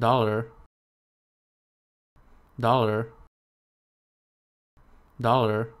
dollar dollar dollar